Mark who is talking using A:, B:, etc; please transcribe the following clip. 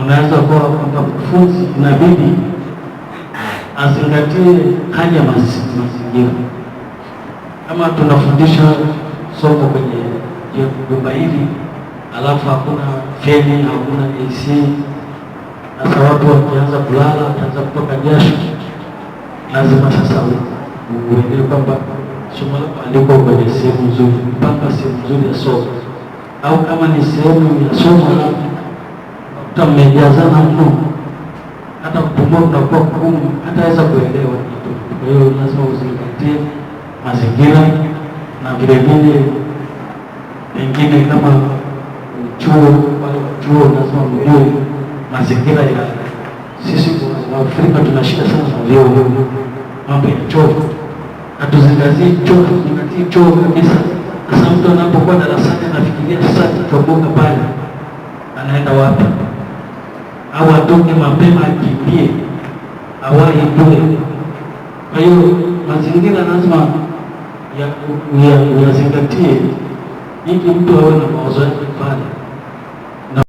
A: unaweza kuwa mkufunzi, inabidi azingatie hali ya mazingira. Kama tunafundisha somo kwenye jumba hili alafu hakuna feni, hakuna AC, sasa watu wakianza kulala, wakianza kutoka jasho. Lazima sasa uelewe kwamba somo lako aliko kwenye sehemu nzuri, mpaka sehemu nzuri ya somo, au kama ni sehemu ya somo hata mmejazana mno, hata kupumua kunakuwa kugumu, hataweza kuelewa kitu. Kwa hiyo lazima uzingatie mazingira na vilevile, pengine kama chuo pale chuo, lazima mjue mazingira ya sisi. Kwa Afrika tuna shida sana za vyoo, mambo ya choo hatuzingatii choo, hatuzingatii choo kabisa. Sasa mtu anapokuwa darasani anafikiria sasa, kitoboka pale anaenda wapi? au atoke mapema akimbie, awahi bure. Kwa hiyo mazingira lazima uyazingatie, ili mtu awe na mawazo